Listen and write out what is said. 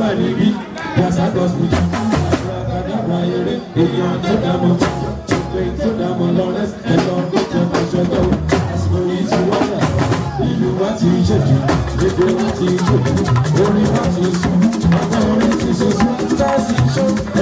wà níbí yàtọ̀ hospital àkàdàbà eré èèyàn tó dàmọ́ lẹ́yìn tó dàmọ́ lọ́rẹ́sì ẹ̀lọ́ ọ̀gbọ́n ìjọba àsìkò yìí ti wáyà ìlú wa ti jèjì èdè wa ti jèjì orí wa ti sùn ọgbọ́n orí ti sọ sùn tá a sì ṣó.